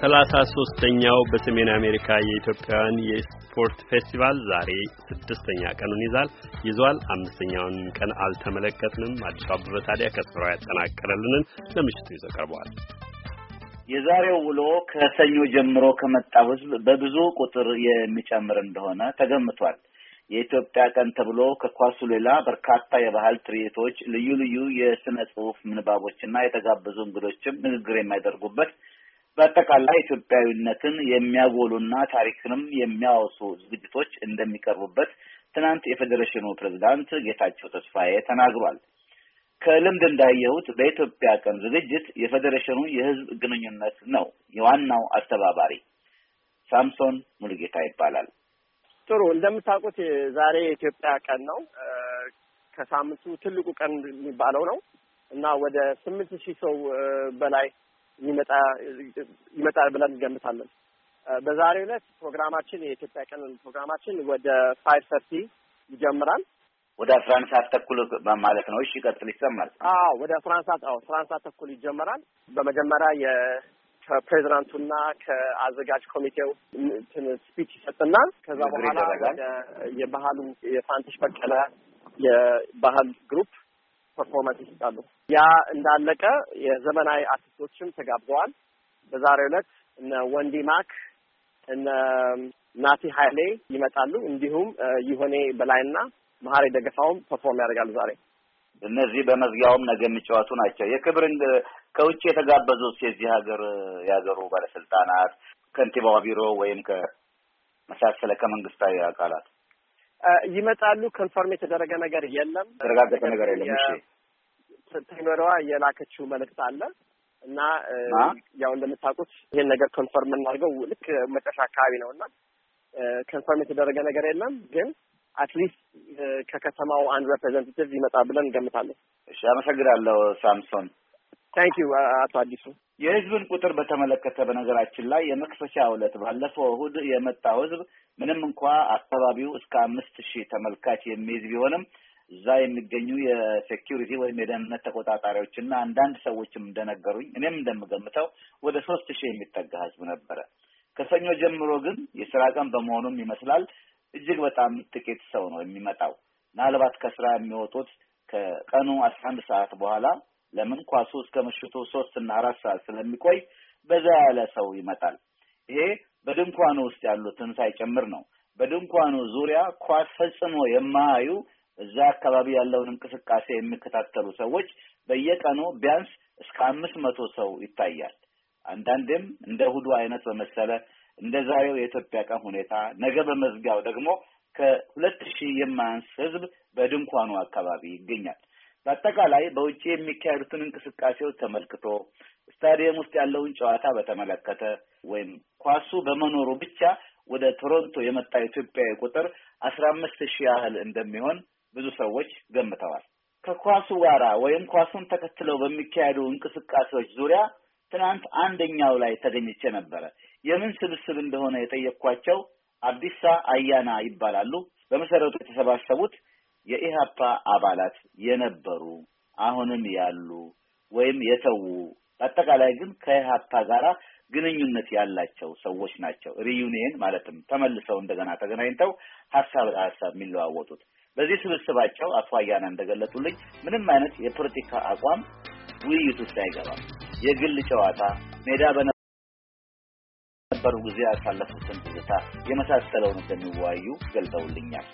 ሰላሳ ሶስተኛው በሰሜን አሜሪካ የኢትዮጵያውያን የስፖርት ፌስቲቫል ዛሬ ስድስተኛ ቀኑን ይዛል ይዟል። አምስተኛውን ቀን አልተመለከትንም። አዲሱ አበበ ታዲያ ከስፍራው ያጠናቀረልንን ለምሽቱ ይዞ ቀርበዋል። የዛሬው ውሎ ከሰኞ ጀምሮ ከመጣው ህዝብ በብዙ ቁጥር የሚጨምር እንደሆነ ተገምቷል። የኢትዮጵያ ቀን ተብሎ ከኳሱ ሌላ በርካታ የባህል ትርኢቶች፣ ልዩ ልዩ የስነ ጽሁፍ ምንባቦችና የተጋበዙ እንግዶችም ንግግር የሚያደርጉበት በአጠቃላይ ኢትዮጵያዊነትን የሚያጎሉና ታሪክንም የሚያወሱ ዝግጅቶች እንደሚቀርቡበት ትናንት የፌዴሬሽኑ ፕሬዚዳንት ጌታቸው ተስፋዬ ተናግሯል። ከልምድ እንዳየሁት በኢትዮጵያ ቀን ዝግጅት የፌዴሬሽኑ የሕዝብ ግንኙነት ነው የዋናው አስተባባሪ። ሳምሶን ሙሉጌታ ይባላል። ጥሩ እንደምታውቁት ዛሬ የኢትዮጵያ ቀን ነው። ከሳምንቱ ትልቁ ቀን የሚባለው ነው እና ወደ ስምንት ሺህ ሰው በላይ ይመጣ ይመጣል ብለን እንገምታለን። በዛሬው ዕለት ፕሮግራማችን የኢትዮጵያ ቀን ፕሮግራማችን ወደ ፋይቭ ሰርቲ ይጀምራል። ወደ አስራ አንድ ሰዓት ተኩል ማለት ነው። እሺ፣ ቀጥል ይሰማል። አዎ፣ ወደ አስራ አንድ ሰዓት አዎ፣ አስራ አንድ ሰዓት ተኩል ይጀምራል። በመጀመሪያ ከፕሬዚዳንቱና ከአዘጋጅ ኮሚቴው ስፒች ይሰጥና ከዛ በኋላ የባህሉ የፋንትሽ በቀለ የባህል ግሩፕ ፐርፎርማንስ ይሰጣሉ። ያ እንዳለቀ የዘመናዊ አርቲስቶችም ተጋብዘዋል። በዛሬው ዕለት እነ ወንዲ ማክ እነ ናቲ ሀይሌ ይመጣሉ። እንዲሁም ይሆኔ በላይና መሀሪ ደገፋውም ፐርፎርም ያደርጋሉ ዛሬ እነዚህ በመዝጊያውም ነገ የሚጫወቱ ናቸው። የክብር ከውጭ የተጋበዙት የዚህ ሀገር የሀገሩ ባለስልጣናት ከንቲባው ቢሮ ወይም ከመሳሰለ ከመንግስታዊ አካላት ይመጣሉ። ኮንፈርም የተደረገ ነገር የለም፣ የተረጋገጠ ነገር የለም። ቴኖሪዋ የላከችው መልእክት አለ እና ያው እንደምታውቁት ይህን ነገር ኮንፈርም እናድርገው ልክ መጨረሻ አካባቢ ነው እና ከንፈርም የተደረገ ነገር የለም ግን አትሊስት uh, ከከተማው አንድ ሬፕሬዘንታቲቭ ይመጣ ብለን እንገምታለን። እሺ፣ አመሰግናለሁ ሳምሶን። ታንክ ዩ uh, አቶ አዲሱ። የህዝብን ቁጥር በተመለከተ በነገራችን ላይ የመክፈቻ ዕለት ባለፈው እሁድ የመጣው ህዝብ ምንም እንኳ አካባቢው እስከ አምስት ሺህ ተመልካች የሚይዝ ቢሆንም እዛ የሚገኙ የሴኪሪቲ ወይም የደህንነት ተቆጣጣሪዎች እና አንዳንድ ሰዎችም እንደነገሩኝ እኔም እንደምገምተው ወደ ሶስት ሺህ የሚጠጋ ህዝብ ነበረ። ከሰኞ ጀምሮ ግን የስራ ቀን በመሆኑም ይመስላል እጅግ በጣም ጥቂት ሰው ነው የሚመጣው። ምናልባት ከስራ የሚወጡት ከቀኑ አስራ አንድ ሰዓት በኋላ ለምን ኳሱ እስከ ምሽቱ ሶስት እና አራት ሰዓት ስለሚቆይ በዛ ያለ ሰው ይመጣል። ይሄ በድንኳኑ ውስጥ ያሉትን ሳይጨምር ነው። በድንኳኑ ዙሪያ ኳስ ፈጽሞ የማያዩ እዛ አካባቢ ያለውን እንቅስቃሴ የሚከታተሉ ሰዎች በየቀኑ ቢያንስ እስከ አምስት መቶ ሰው ይታያል። አንዳንዴም እንደ እሁዱ አይነት በመሰለ እንደ ዛሬው የኢትዮጵያ ቀን ሁኔታ ነገ በመዝጊያው ደግሞ ከሁለት ሺህ የማያንስ ህዝብ በድንኳኑ አካባቢ ይገኛል። በአጠቃላይ በውጭ የሚካሄዱትን እንቅስቃሴዎች ተመልክቶ ስታዲየም ውስጥ ያለውን ጨዋታ በተመለከተ ወይም ኳሱ በመኖሩ ብቻ ወደ ቶሮንቶ የመጣ ኢትዮጵያዊ ቁጥር አስራ አምስት ሺህ ያህል እንደሚሆን ብዙ ሰዎች ገምተዋል። ከኳሱ ጋራ ወይም ኳሱን ተከትለው በሚካሄዱ እንቅስቃሴዎች ዙሪያ ትናንት አንደኛው ላይ ተገኝቼ ነበረ። የምን ስብስብ እንደሆነ የጠየቅኳቸው አብዲሳ አያና ይባላሉ። በመሰረቱ የተሰባሰቡት የኢህአፓ አባላት የነበሩ አሁንም ያሉ ወይም የተዉ በአጠቃላይ ግን ከኢህአፓ ጋር ግንኙነት ያላቸው ሰዎች ናቸው። ሪዩኒየን ማለትም ተመልሰው እንደገና ተገናኝተው ሀሳብ ሀሳብ የሚለዋወጡት በዚህ ስብስባቸው አቶ አያና እንደገለጡልኝ ምንም አይነት የፖለቲካ አቋም ውይይት ውስጥ አይገባም። የግል ጨዋታ ሜዳ በነበሩ ጊዜ ያሳለፉትን ትዝታ የመሳሰለውን እንደሚወያዩ ገልጠውልኛል።